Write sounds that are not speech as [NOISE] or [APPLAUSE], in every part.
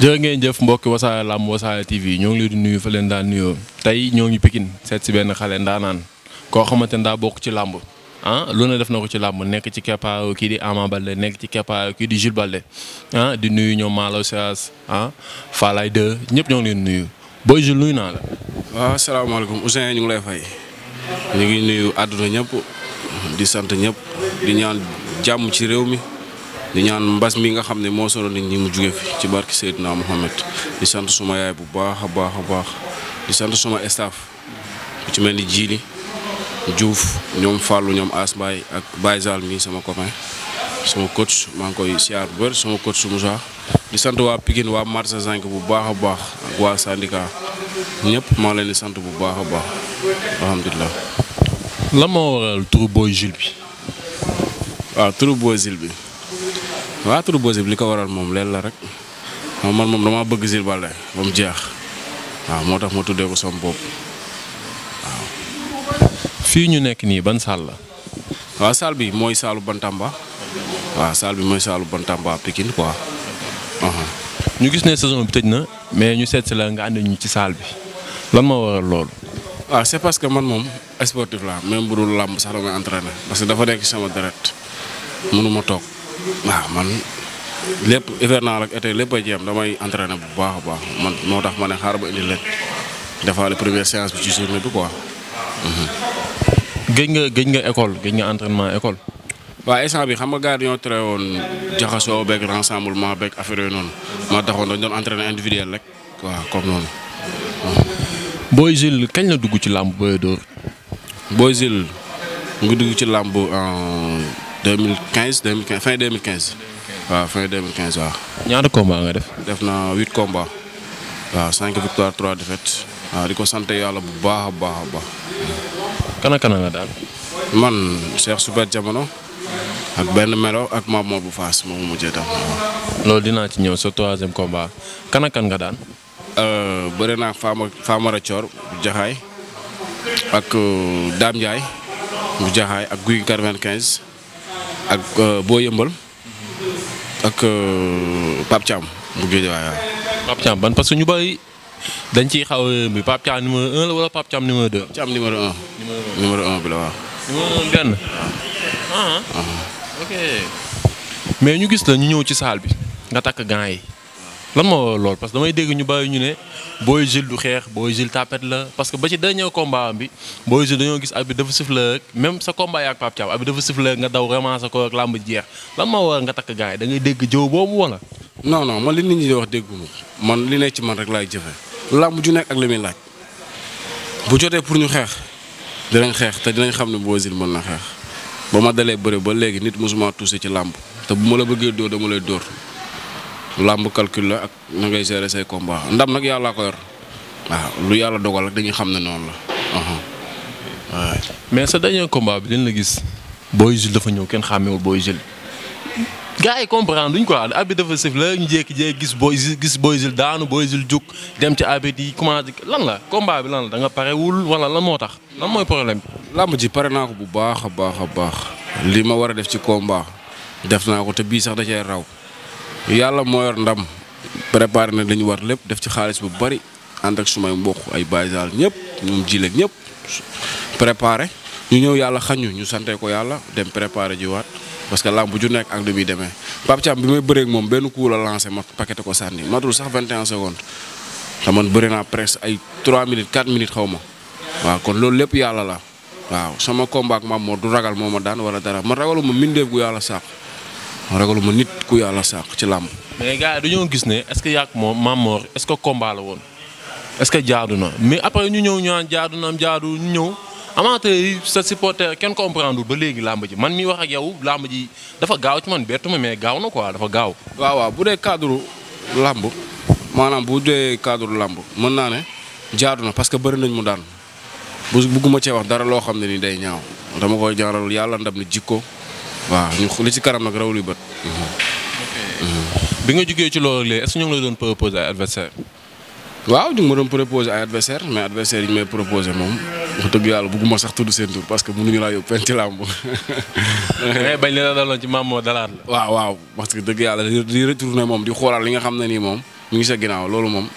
jërë ngeen jëf mbokki wasaare làmb wasaare TV ñoo ngi leen di nuyu fa leen daan nuyoo tey ñoo ngi Pikine seet si benn xale ndaanaan koo xamante ne daa bokk ci làmb ah lu ne def na ko ci làmb nekk ci keppaaru kii di Ama Baldé nekk ci keppaaru kii di Jules Baldé ah di nuyu ñoom Malo Seras ah Falaye 2 ñëpp ñoo ngi leen nuyu booy Jules nuyu naa la. waaw asalaamaaleykum Ousseyn ñu ngi lay fay ñu ngi nuyu àdduna ñëpp di sant ñëpp di ñaan jàmm ci réew mi. di ñaan mbas mi nga xam ne moo sonal nit ñi mu jóge fi ci barki Seydina Mohamed di sant suma yaay bu baax a baax a baax di sant suma staff ku ci mel ni Jili juuf ñoom Fallou ñoom As Mbaye ak Baye Zal mi sama copain sama coach maa ngi koy siyaar bu bër sama coach Moussa di sant waa Pikine waa Marsa Zank bu baax a baax ak waa syndicat ñëpp maa leen di sant bu baax a baax alhamdulilah. lan moo bi. waaw turu Boy bi. Ah, waaw turu Bozib li ko waral moom leen la rek moom man moom damaa bëgg Jules Baldé ba mu jeex waaw moo tax ma tuddee ko sama bopp waaw. fii ñu nekk nii ban saal la. waaw saal bi mooy saalu Bantamba waaw saal bi mooy saalu Bantamba Pikine quoi. ñu gis ne saison bi tëj na mais ñu seet si la nga ànd ñu ci saal bi lan ma waral loolu. waaw c'est parce que man moom sportif la même bu dul làmb sax damay entraîner parce que dafa nekk sama deret mënuma toog. waaw man lépp hivernal ak été lépp ay jéem damay entraîné bu baax baax man moo tax ma ne xaar ba indi leen defaale première séance bi ci journée bi quoi. Mhm. gëj nga géej nga école gëj nga entraînement école. waa instant bi xam nga gars yi tere woon jaxasoo beeg rassemblement beeg affaire yooyu noonu moo taxoon dañ doon entraîné individuel rek waaw comme noonu. Mhm. Boy Jules kañ la dugg ci làmb Boy Dóor. Boy Jules nga dugg ci làmb 2015 2015 fin 2015. waaw fin 2015 waaw. ñaata combat nga def. def na huit combat waaw cinq victoire trois défaites. waaw di ko sant yàlla bu baax a baax a baax. kana kana nga daal. man Cheikh Super Jamono. ak benn melo ak maam bu faas moom mu mujjee tam. loolu dinaa ci ñëw sa troisième combat kan nga daan. Euh, bëri naa Fama bu Jaxaay ak euh, Dame Ndiaye bu Jaxaay ak Guy 95. ak euh, boo yëmbal ak euh, Pape Thiam bu Guédiawaye waaw. Pape ban parce que ñu bari dañ ci xaw bi Pape Thiam numéro 1 la wala Pape Thiam numéro ah, ah. Ah, mais ñu gis la ñu ñëw ci saal bi nga takk gants yi. lan moo lool parce que damay dégg ñu bàyyi ñu ne Boy Jules du xeex Boy Jules tapet la parce que ba ci dernier combat bi Boy Jules dañoo gis ab bi dafa sifla même sa combat yaak Pape Thiam ab bi dafa sifla nga daw vraiment sa ko ak làmb jeex lan moo war nga takk gars yi dégg jëw boobu wala. non non man li nit ñi di wax dégguma man li nekk ci man rek laay jëfe làmb ju nekk ak li laaj bu jotee pour ñu xeex dinañ xeex te dinañ xam ne Boy Jules man na xeex ba ma delee bëre ba léegi nit mosuma tuuse ci làmb te bu ma la bëggee dóor dama lay dóor. làmb calcul la ak na ngay gérer say combat ndam nag yàllaa ko yor waaw lu yàlla dogal ak dañuy xam ne noonu la. waaw mais sa dernier combat bi leen la gis Boy Jules dafa ñëw kenn xàmmewul Boy Jules gars yi comprendre duñ quoi abi dafa sëf la ñu jékki gis Boy Jules gis Boy Jules daanu Boy Jules jug dem ci abi di commencé lan la combat bi lan la da nga parewul wala lan moo tax lan mooy problème bi. làmb ji pare naa ko bu baax a baax a baax. li ma war a def ci combat def naa ko te bii sax da cee raw. yàlla moo yor ndam préparé na li ñu war lépp def ci xaalis bu bari ànd ak sumay mbokk ay baysal ñëpp ñoom jileeg ñëpp préparé ñu ñëw yàlla xañu ñu sante ko yàlla dem préparé jiwaat parce que làmb ju nekk ak li muy demee Pape Thiam bi may bëreeg moom benn coup la lancé ma paqueté ko sànni matul sax 21 secondes te man bëri naa presque ay 3 minutes 4 minutes xaw ma waaw kon loolu lépp yàlla la waaw sama kombaak ak maam moo du ragal moom ma daan wala dara man ragaluma mbindeef gu yàlla sax. ragaluma nit ku yàlla sàq ci làmb. mais gars yi dañoo gis ne est ce que yàgg moom Mame Mor est ce woon est que jaadu na mais après ñu ñëw ñu naan jaadu na jaadu ñu ñëw yi sa supporter kenn comprendre ba léegi làmb ji man mi wax ak yow làmb ji dafa gaaw ci man bettu ma mais gaaw na ko quoi dafa gaaw. waaw waaw bu dee cadre làmb maanaam bu dee cadre làmb mën naa ne jaadu na parce que bëri nañ mu daan bu bugguma cee wax dara loo xam ne ni day ñaaw dama koy jaaral yàlla ndam ni jikko waaw ñu li si kanam nag raw bët. bi nga jugee ci loolu léegi est ce que la doon proposé ay adversaire waaw ñu ma doon proposé ay adversaire mais adversaire yi ñu may proposé moom wax dëgg sax tudd seen tur parce que mënuñu laa yóbbu fenn ci la daloon ci maam moo dalaat la. waaw waaw parce que dëgg yàlla di retourné moom di xoolaat li xam ne nii moom mu ngi sa ginnaaw loolu moom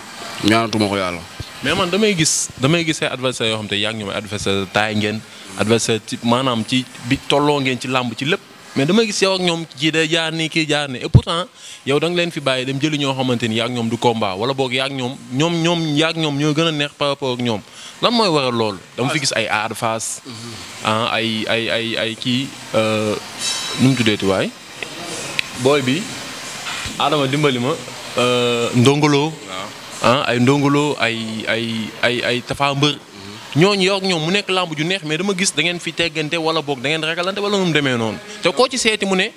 ñaanatuma ko yàlla. mais man damay gis damay gis ay adversaires yoo xam te yaa ngi ñu may adversaire taay ngeen adversaire maanaam ci bi tolloo ngeen ci làmb ci lépp mais dama gis yow ak ñoom ji day jaar nii kii jaar nii et pourtant yow da leen fi bàyyi dem jëli ñoo xamante ni yaa ak ñoom du combat wala boog yaa ak ñoom ñoom ñoom yaa ñoom ñoo gën a neex par ak ñoom lan mooy waral loolu. dama fi gis ay aar ah, ay ay ay ay kii euh, nu mu booy bi. Adama dimbali ma. Euh, ndongolo. Ah, ay ndongolo ay ay ay mbër. ñooñu yow ak ñoom nekk làmb ju neex mais dama gis da ngeen fi teggante wala boog da ngeen ragalante te koo ci seeti mu ne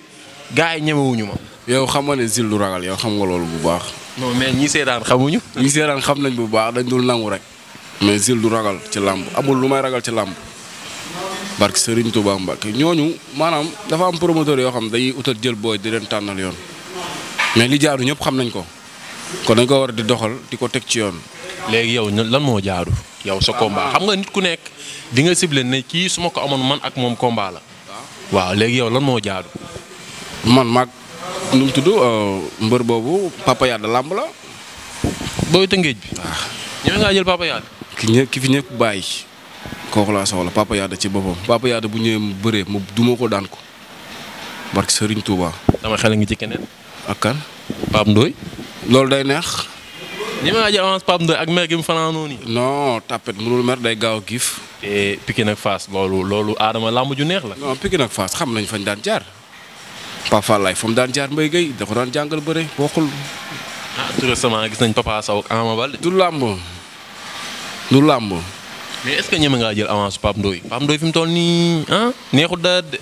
gars yi ñemewuñu ma. yow xam nga ne Zil du ragal yow xam nga loolu bu baax. non mais ñi seetaan xamuñu. ñi xam nañ bu baax dañ dul nangu rek. mais Zil du ragal ci làmb amul lu may ragal ci làmb. barke Serigne Touba Mbacke ñooñu maanaam dafa am promoteur yoo xam dañuy utal jël booy di leen tànnal yoon mais li jaaru ñëpp xam nañ ko kon dañ ko war di doxal di ko teg ci yoon. léegi yow lan moo jaaru. yow sa combat xam nga nit ku nekk di nga ciblé ne kii su ma ko amoon man ak moom combat la. waaw léegi yow lan moo jaadu. man maag nu mu tudd euh, mbër boobu Papa Yade làmb la. booy tëngéej bi. waaw ah. ngaa jël Papa Yade. ki ñë fi ñëpp bàyyi. kooku laa soxla Papa Yade ci boppam Papa Yade bu ñëwee mu bëree mu duma ko daan ko barki sëriñ Touba. dama xel ngi ci keneen. ak kan Pape loolu day neex. ñi ma ak mer gi mu fanaanoo nii. non tapet day gaaw a giif. te Pikine ak Fass loolu loolu làmb ju neex la. non Pikine ak xam nañ fañ daan jaar Papa mu daan jaar Mbaye Guèye daan jàngal bëre bokkul. Ah, gis nañ Papa Sow ak Ama Baldé. du làmb mais ñeme ngaa jël avance Pape Ndoye Pape Ndoye fi mu toll nii ah neexut da de.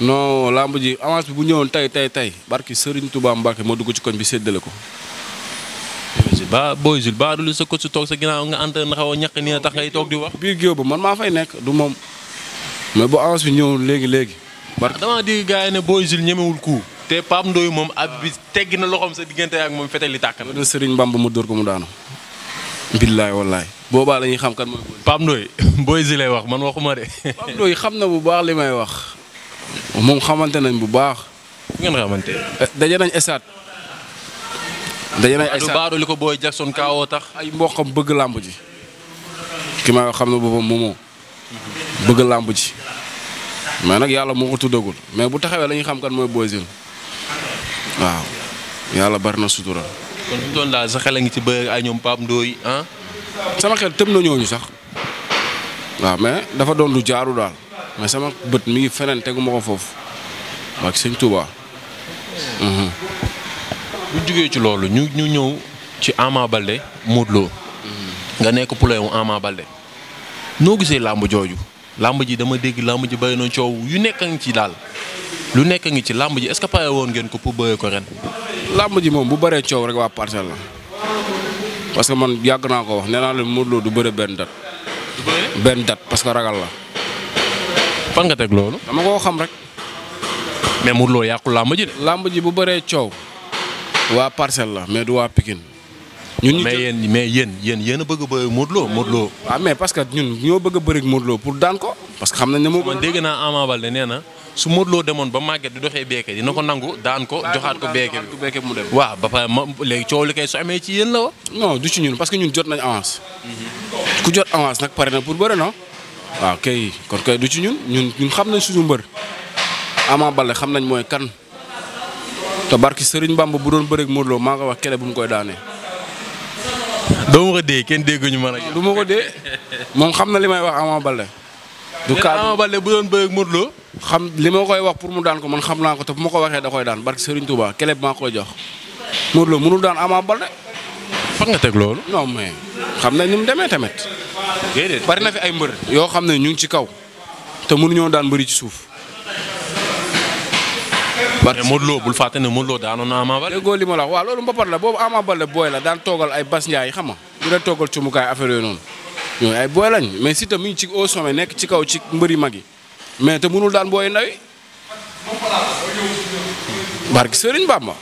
non làmb ji avance bi bu ñëwoon tey tey tey barki Serigne tubaam Mbacke moo dugg ci koñ bi séddale ko. Jules ba booy Jules ba du sa coach toog sa ginnaaw nga ànd na xaw a ñaq nii tax ngay toog di wax. biir géew ba man maa fay nekk du moom mais bu avance bi ñëw léegi léegi. barke damaa dégg gars ne booy Jules ñemewul ku te Pape Ndoye moom ab bi teggi na loxoom sa diggante ak moom fete li tàkk na. Serigne Bamba mu dóor ko mu daanu. billaay wallaay. boobaa la ñuy xam kan mooy. Pape Ndoye [LAUGHS] booy lay wax man waxuma de. Pape Ndoye xam na bu baax li may wax. moom xamante nañ bu baax. ngeen xamante eh, nañ esaat. dañu ne ay baaru li ko booy Jackson kaawoo tax. ay mboqam bëgg làmb ji. ki ma xam ne boppam moomoo bëgg làmb ji. mais nag yàlla moo ko tuddagul mais bu taxawee la ñuy xam kan mooy booy Jules yàlla bari na sutura. kon daal sa xel a ngi ci bëre ay ñoom Pape Ndoye ah? sama xel tëm na ñooñu sax waaw mais dafa doon du jaaru daal mais sama bët mi ngi feneen tegu ma ko foofu ak sëñ Touba. Mhm. bu jugee ci loolu ñu ñu ñëw ci Ama Baldé Modou nga nekk poulain wu Ama Baldé noo gisee làmb jooju làmb ji dama dégg làmb ji bari na coow yu nekk a ngi ci daal lu nekk a ngi ci làmb ji est-ce que pare woon ngeen ko pour bëree ko ren. làmb ji moom bu bëree coow rek waa parcelle la parce que man yàgg naa ko wax nee naa leen Modou du bëre benn date. du parce que ragal la. fan nga teg loolu. dama koo xam rek. mais Modou yàqu làmb ji de. làmb ji bu baree coow. waa parcelle la mais du waa Pikine. ñun ñu mais yéen mais yéen yéen yéen bëgg a bëri Modou Lo Modou Lo. waaw ah, mais parce ñun ñoo bëgg a bëri pour daan ko parce que xam nañ ne moo. man dégg naa Ama Baldé nee na su Modou Lo demoon ba màgget di doxee beeke dina ko nangu daan ko joxaat ko beeke bi mu dem. waaw ba pare ma léegi coow li kay su amee ci yéen la wa. non du ci ñun parce que ñun jot nañ avance. ku jot awance nag pare na pour bëri non. waa kay kon kay du ci ñun ñun ñun xam nañ suñu mbër Ama Baldé xam nañ mooy kan. te barki Serigne Bamba bu doon bëreeg Modou Lo maa ko wax kele bu mu koy daanee. doo ma ko dee kenn dégguñu man ak du ma ko dee moom xam na li may wax Ama Baldé. du kaddu Ama Baldé bu doon bëreeg Modou xam li ma koy wax pour mu daan ko man xam naa ko te bu ma ko waxee da koy daan barki Serigne Touba kele bi maa koy jox Modou Lo mënul daan Ama Baldé. fan nga teg loolu. non mais xam na ni mu demee tamit. déedéet bari na fi ay mbër yoo xam ne ñu ngi ci kaw te mënuñoo daan mbëri ci suuf. mais eh, Modou Lo bul fàtte ne Modou Lo daanoon na Ama Baldé. ma la la boobu Ama Baldé booy la daan toogal ay Bas Ndiaye xam nga di leen toogal ci mukaay affaire yooyu noonu ñooñu ay booy lañ mais si tamit ci au nekk ci kaw ci mbëri mag yi mais te mënul daan booy ndaw yi. barke Sëriñ Bamba.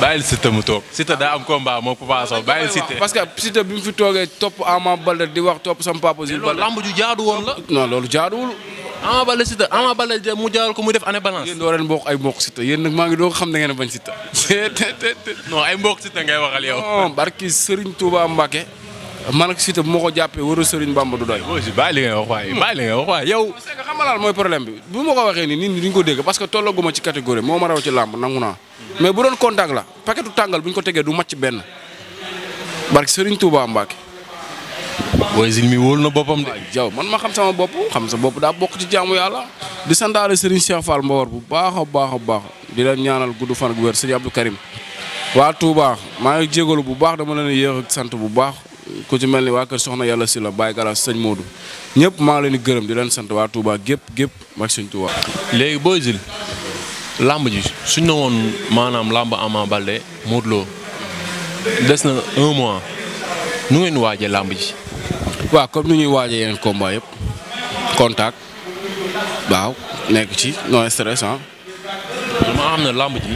ma Siteu mu toog Siteu daa am combat moom Papa Sow bàyyil Siteu parce que Siteu bi mu fi toogee topp Ama Baldé di wax topp sama papa. Zil Baldé lamb ju jaadu woon la. loolu jaaduwul. Ama Baldé Siteu Ama Baldé mu jaaral ko mu def année balance. yéen doo leen mbokk ay mbokk Siteu yéen nag maa ngi doog xam da ngeen bañ Siteu. [LAUGHS] ay mbokk Siteu ngay waxal yow. non barki Serigne Touba Mbacke. man ak Siteu bu ma ko jàppee wëru Serigne Bamba du doy. bàyyi li nga wax waaye bàyyi li nga yow. parce que xam nga mooy problème bi bu ma ko waxee nii nit ñi duñ ko dégg parce que tollaguma ci catégorie moo ma raw ci làmb nangu mais bu doon contact la paquetu tàngal bu ñu ko tegee du màcc benn barki Serigne Touba Mbacke Boy Jules mi wóolu na boppam de. jaw man ma xam sama bopp xam sa bopp daa bokk ci jaamu yàlla. di santaale Serigne Cheikh Fall Mbawar bu baax a baax a baax di leen ñaanal gudd fan ak wér Serigne Abdou Karim. waa Touba maa ngi jégalu bu baax dama leen yéex sant bu baax ku ci mel ni waa kër Soxna Yàlla si la Baye Galaas sëñ Modou ñëpp maa leen di gërëm di leen sant waa Touba gépp gépp mag sëñ Touba. léegi Boy Jules làmb ji suñ na woon maanaam làmb Ama Baldé Modou Lo des na mois nu ngeen waajee làmb ji. waaw comme ni ñuy waajee yeneen combat yëpp contact waaw nekk ci non stress ah. damaa xam ne làmb ji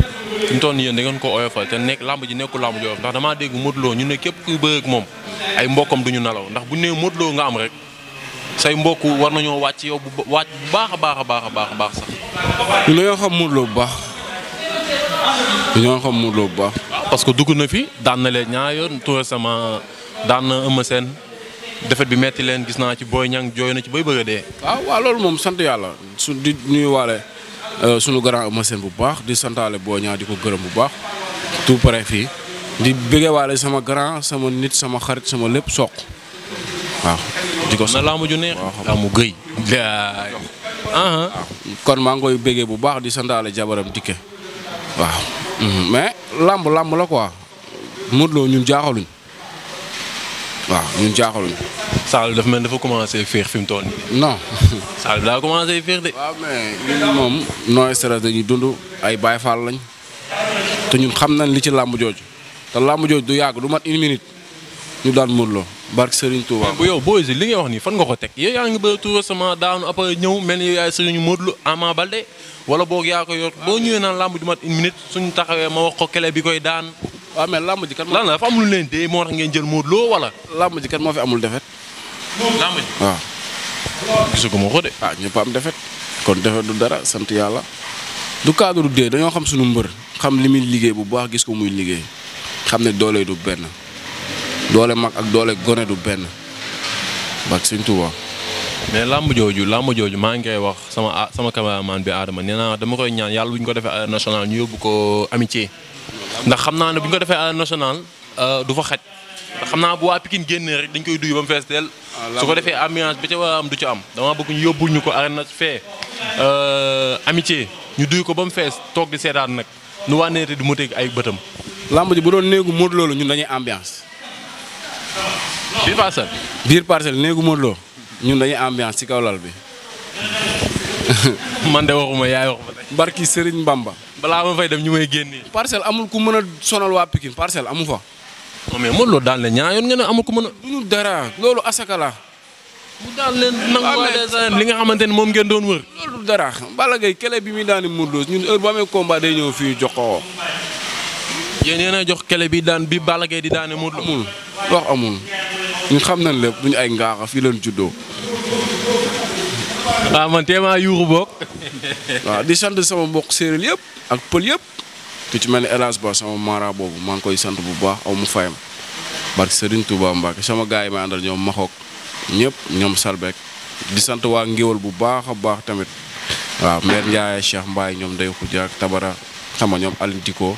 fi mu toll nii yéen da ngeen ko oyofal te nekk làmb ji nekkul làmb ji oyof ndax damaa dégg Modou ñu ne képp kuy bëre moom ay mbokkam duñu nalaw ndax bu ñu nee Modou nga am rek say mbokk war nañoo wàcc yow bu wàcc bu baax a baax a baax baax sax. ñu dañoo xam bu baax dañoo xam Modou Lo bu baax. parce que dugg na fi daan na leen ñaar yoon tout récemment daan na Eumeu defet bi metti leen gis naa ci Boy Niang jooy na ci bay bëgg a dee. waaw waaw loolu moom sant yàlla su di nuyuwaale euh, sunu grand machine bu baax di santaale Boy Niang di ko gërëm bu baax tout pare fii di bëggewaale sama grand sama nit sama xarit sama lépp soq waaw. di ko soq na laamu ju neex laamu gëy. Ah, ah. kon maa ngi bëggee bu baax di santaale jabaram dikke waaw. Mhm. mais làmb lamb la quoi Modou Lo ñun jaaxaluñ. waaw ñun jaaxaluñu. Saalum dafa mel dafa commencé féex fi mu toll no non. [LAUGHS] Saalum daa commencé féex de. waaw moom no stress dañuy dund ay Baay Faal lañ te ñun xam nañ li ci làmb jooju te làmb jooju du yàgg du mat une minute ñu daan mënuloo. barke Serigne Touba. bu yow booy si li ngay wax nii fan nga ko teg yow yaa ngi bëri tout récemment daanu après ñëw mel ni yow yaay Serigne Modou Lo Ama Baldé wala boog yaa ko yor boo ñëwee naan làmb du mat une minute suñu taxawee ma bi koy daan. waaw mais làmb ji kat. lan la leen dee moo tax ngeen jël Modou Lo kat moo fi amul defet. làmb ji waaw. de. ah ñëpp am defet. kon defet du dara sant yàlla. du cadre du dee dañoo xam suñu mbër xam li muy liggéey bu baax gis ko muy liggéey xam ne doolee du benn doole mag ak doole gone du benn bak Sëñ Tuubaa mais làmb jooju làmb jooju maa ngi koy wax sama ah, sama cameraman bi Adama nee dama koy ñaan yàlla bu ñu ko defee national ñu yóbbu ko amitié. ndax xam naa ne bu ñu ko defee arène national euh, du fa xaj ndax xam naa bu waa Pikine génnee rek dañ koy duy ba mu fees teel ah, su ko defee ambiance bi ca war am du ca am dama bëgg ñu yóbbul ñu ko arène fee euh, amitié ñu duy ko ba mu fees toog di seetaan nag nu waa neete du ma teg ay bëtam lamb ji bu doon néegu Modou la ñun dañuy ambiance biir parcelle biir parcelle néegu Modou Lo ñun dañuy ambiance ci kaw lal bi [LAUGHS] man de waxuma yaay wax barki Serigne Bamba balaa ma fay dem ñu may génnee parcelle amul ku mën a sonal waa Pikine parcelle amu fa. non mais Modou daan daal ñaa yoon nga amul ku mën a. duñu dara loolu asaka la. mu daal leen nanguwaay des arènes li nga xamante ni moom ngeen doon wër. loolu dara Balla Gaye kele bi muy daani Modou Lo ñun heure bu amee combat day ñëw fii jox ko. yéen yéen a jox kele bi daan bi Balla di daane Modou Lo. amul wax amul ñu xam nañ lépp duñu ay ngaaxa fii leen juddoo. waaw ah, man téemaa yuuxu boog. [LAUGHS] waaw di sant sama mbokk séeréer yëpp ak pël yëpp. ku ci mel ni El Hadj Ba sama mara boobu maa ngi koy sant bu baax aw mu fayam. barke Serigne Touba Mbacke sama gars yi ma àndal ñoom Maxoog ñëpp ñoom Salbek di sant waa Ngéwal bu baax a baax tamit. waaw maire Ndiaye Cheikh Mbaye ñoom Ndeye Khoudia ak Tabara xam ñoom Alioune Diko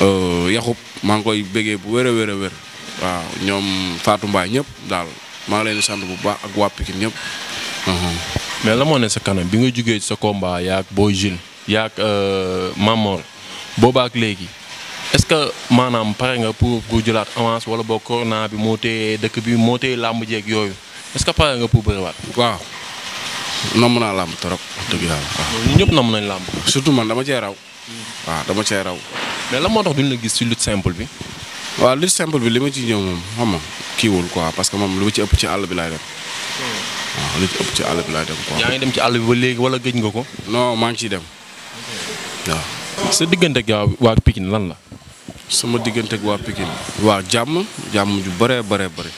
euh, Yaxub maa ngi koy bégee bu wér a wér a wér waaw ñoom faatu Mbaye ñépp daal maa ngi leen sant bu baax ak waa Pikine ñëpp. mais la moo ne sa kanam bi nga jugee sa combat yaag Boy Jules yaag euh, Mamor boobaak léegi est-ce que maanaam pare nga pour pour jëlaat avance wala boo corona bi moo téye dëkk bi moo téye làmb jeeg yooyu est-ce que pare nga pour bëriwaat. waaw namm naa làmb trop wax dëgg yàlla waaw. ñun ñëpp namm nañ làmb. surtout man dama cee raw. waaw dama cee raw. mais lan moo tax duñ la gis ci lutte simple bi. waaw lutte simple bi li ma ci ñëw moom xam nga kiiwul quoi parce que moom lu ma ci ëpp ci àll bi laay waaw li ci ëpp ci àll bi laay dem quoi. yaa ngi dem ci àll bi ba léegi wala gëj nga ko. non maa ngi ciy dem waaw. sa diggante ak waa Pikine lan la. sama diggante ak waa Pikine. waa jàmm jàmm ju bëree bëree bëri.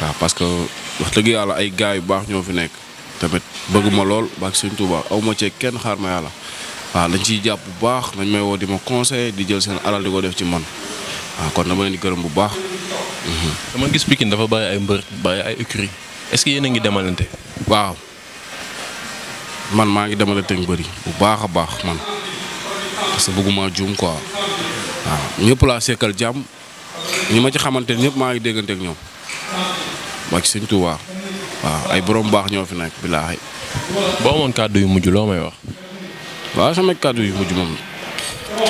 waaw parce que wax dëgg yàlla ay gars yu baax ñoo fi nekk. tamit bëgguma lool baak sëñ Tuubaa aw ma cee kenn xaar ma yàlla. waaw dañ ci jàpp bu baax dañ may woo di ma conseiller di jël seen alal di ko def ci man waaw kon dama leen di gërëm bu baax. dama gis Pikine dafa bàyyi ay mbër bàyyi ay écurie est-ce que yéen a ngi demalante. waaw man maa ngi demalante ñu bëri bu baax a baax man parce bëgguma juum ko waaw ñëpp laa sekkal jàmm ñi ma ci xamante ne ñëpp maa ngi déggante ak ñoom wàcc sëñ Tuubaa waaw ay borom baax ñoo fi nekk billaahi. boo amoon kàddu yu mujj loo may wax. waaw sama kàddu yu mujj moom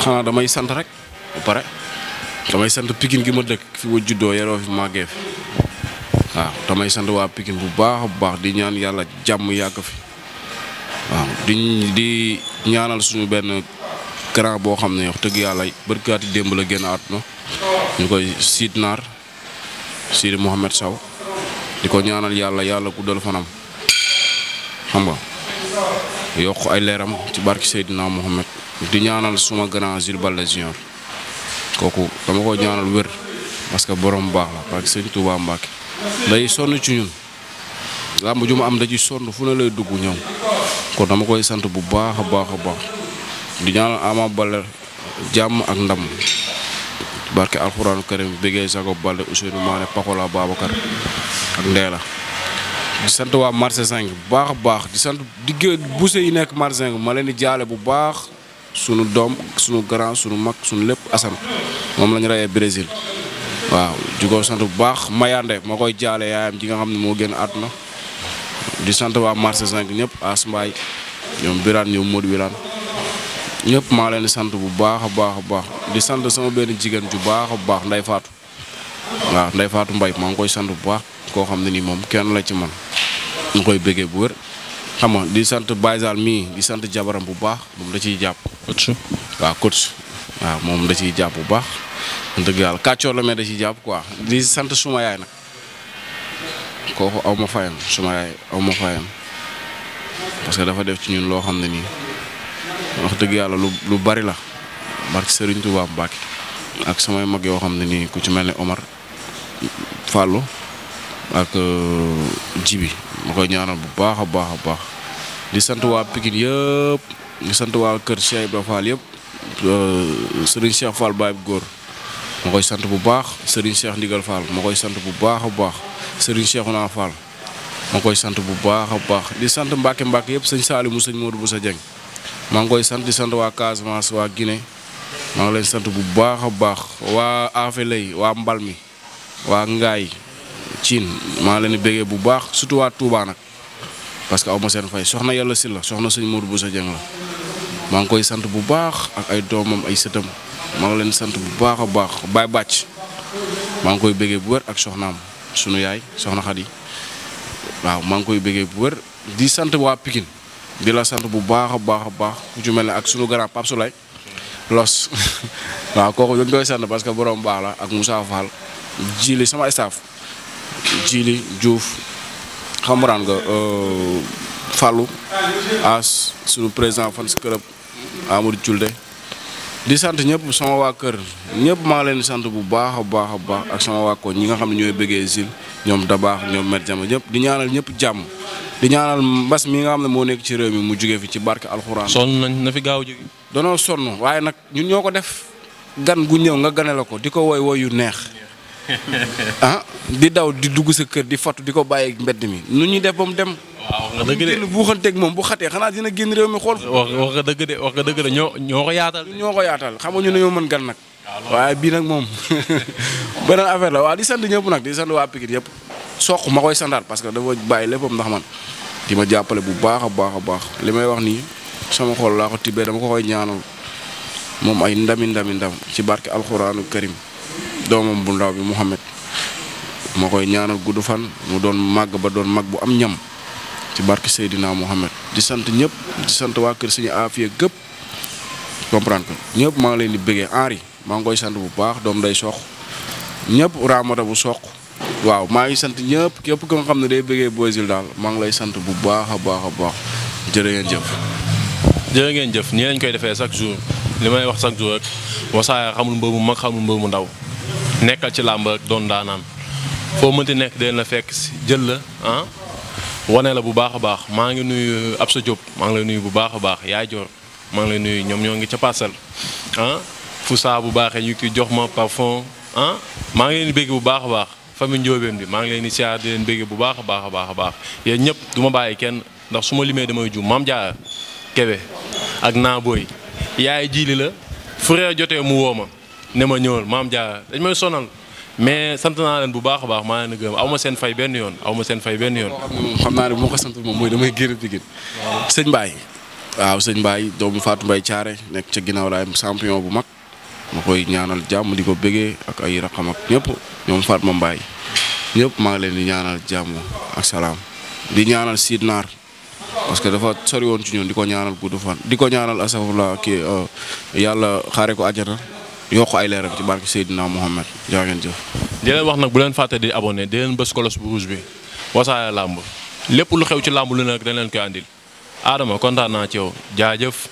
xanaa damay sant rek ba pare damay sant Pikine gi ma dëkk fi ma juddoo yaroo fi màggee fi waaw damay sant waa Pikine bu baax bu baax di ñaan yàlla jàmm yàgg fi waaw di ñaanal suñu benn grand boo xam ne wax dëgg yàlla bërkaati démb la génn àdduna ñu koy siit naar Sidi Mohamed Sow di ko ñaanal yàlla yàlla guddal fanam xam nga yokk ay leeram ci barki Seydina Mohamed di ñaanal suma grand Jules Baldé kooku dama ko ñaanal wér parce que borom baax la parce que Sëñ Touba day sonn ci ñun làmb ju ma am da ci sonn fu ne lay dugg ñëw kon dama koy sant bu baax a baax a baax di ñaanal Ama Baldé jàmm ak ndam barke alxuraanu karim bégee Jacob Baldé Ousseynou Mané Pakola Babacar ak Ndéla di sant waa marché 5 bu baax baax di sant digg buse yi nekk marché 5 ma leen di jaale bu baax sunu doom sunu grand sunu mag sunu lépp Assane moom la ñu rayee waaw di sant bu baax Mayande ma koy jaale yaayam ji nga xam ne moo génn na di sant waa marché 5 ñëpp As Mbaye ñoom Birane ñoom Modou Birane ñëpp maa leen sant bu baax a baax baax di sant sama benn jigéen ju baax a baax nday faatu waaw Ndeye Fatou Mbaye maa ngi koy sant bu baax koo xam ne nii moom kenn la ci man ñu koy bëggee bu wér xam nga di sant Baye mii di sant jabaram bu baax moom da ciy jàpp. coach waaw coach waaw moom da ciy jàpp bu baax. dëgg yàlla kàccoor la mais da ci jàpp quoi di sant suma kooku aw ma fayam suma yaay aw ma fayam parce que dafa def ci ñun loo xam ne nii wax dëgg yàlla lu lu bari la barki Serigne Touba Mbacke ak samay mag yoo xam ne nii ku ci mel ne Omar Fallou ak euh, Jibi ma koy ñaanal bu baax a baax a baax di sant waa Pikine yëpp di sant waa kër Cheikh Ibrahima Fall yëpp euh, Serigne Cheikh Fall Baye Góor. ma koy sant bu baax Serigne Cheikh Ndigal Fall ma koy sant bu baax a baax Serigne Cheikhouna Fall ma koy sant bu baax a baax di sant Mbàkke Mbàkke yëpp sëñ Saali mu sëñ Modou Boussa Dieng maa ngi koy sant di sant waa Casamance waa Guinée maa ngi leen sant bu baax a baax waa Afelay waa mbal mi waa Ngaay Cine maa leen béggee bu baax surtout waa Touba nag parce que aw ma seen fay soxna yàlla si la soxna sëñ bu sa Dieng la maa ngi koy sant bu baax ak ay doomam ay sëtam maa ngi leen sant bu baax a baax Baye Bàcc maa ngi koy bëggee bu wër ak soxnaam sunu yaay soxna Xadi waaw maa ngi koy bëggee bu wër di sant waa pikin di la sant bu baax a baax a baax ku ci mel ne ak sunu grand Pape Soulay Los [LAUGHS] waaw kooku dañ koy sant parce que borom baax la ak Moussa Fall jili sama staff jili Diouf xamuraan nga euh, Fallou as sunu président fan si kërëb Amadou Thioulde di sant ñëpp sama waa kër ñëpp maa leen sant bu baax a baax a baax ak sama waa ko ñi nga xam ne ñooy bëggee Zil ñoom Dabaax ñoom Met Jama ñëpp di ñaanal ñëpp jàmm di ñaanal mbas mi nga xam ne moo nekk ci réew mi mu jugee fi ci barke alxuraan. sonn nañ na fi gaaw a jóge. danoo sonn waaye nag ñun ñoo ko def gan gu ñëw nga gane la ko di ko woy woy yu neex. [LAUGHS] ah di daw di dugg sa kër di fatu di ko bàyyi mbedd mi nu ñuy def ba mu dem. waaw wax nga dëgg de bu xanteeg moom bu xatee xanaa dina génn réew mi xool. wax wax nga dëgg de wax nga dëgg de ñoo ñoo ko yaatal. xam nga ñu ne ñoo mën gan nag. waaye bii nag moom [LAUGHS] beneen affaire la waaw di sant ñëpp nag di sant waa Pikine yëpp. soq ma koy sandaat parce que dafa bàyyi léppam ndax man di ma jàppale bu baax a baax a baax li may wax nii sama xool laa ko tibbee dama ko koy ñaanal moom ay ndami ndami ndam ci barke alxuraanu doomam bu ndaw bi Mouhamed moo koy ñaanal gudd fan mu doon màgg ba doon mag bu am ñam ci barke Seydina Mouhamed di sant ñëpp di sant waa kër suñu aafiya gëpp comprendre ñëpp maa ngi leen di bëggee Henri maa ngi koy sant bu baax doom day soq ñëpp raamata bu soq waaw maa ngi sant ñëpp képp ko nga xam ne day bëggee Boysil daal maa ngi lay sant bu baax a baax a baax jërë ngeen jëf. jërë ngeen jëf nii lañ koy defee chaque jour li may wax chaque jour rek Wassare xamul mbër mu mag xamul mbër mu ndaw. nekkal ci làmb ak doon daanaan foo mënti nekk dinañ la fekk jël la ah, wane la bu baax a baax maa ngi nuyu ab Diop maa ngi lay nuyu bu baax a baax yaay maa ngi lay nuyu ñoom ñoo ngi ca Parcelles ah. fu saa bu baaxee ñu ngi jox ma parfum ah maa ngi leen di bu baax a baax famille Ndiobène bi maa ngi leen di siyaar di leen bégg bu baax a baax a baax a baax yéen ñëpp du ma bàyyi kenn ndax su ma limee damay juum maam Diarra Kébé ak Naaboy yaay jiili la fu reer jotee mu woo ma ne ma ñëwal maam Dia dañ may sonal mais sant naa leen bu baax a baax maa leen gërëm aw ma seen fay benn yoon aw ma seen fay benn yoon. xam moo ko sant moom mooy damay di gën. sëñ Mbaye. waaw sëñ Mbaye doomu Fatou Mbaye caare nekk ca ginnaaw laay champion bu mag ma koy ñaanal jàmm di ko bëggee ak ay raxam ak ñëpp ñoom Fatma Mbaye ñëpp maa ngi leen di ñaanal jàmm ak salaam di ñaanal Sid Naar parce que dafa sori woon ci ñun di ko ñaanal gudd fan di ko ñaanal asafurlah kii euh, yàlla xaare ko àjjana yokk ay leeram ci barke Seydina Mohamed jaa jëf. di leen wax nag bu leen fàtte di abonné di leen bës kolos bu rouge bi wasaare làmb lépp lu xew ci làmb lu ne rek dañ leen koy àndil Adama kontaan naa ci yow jaajëf.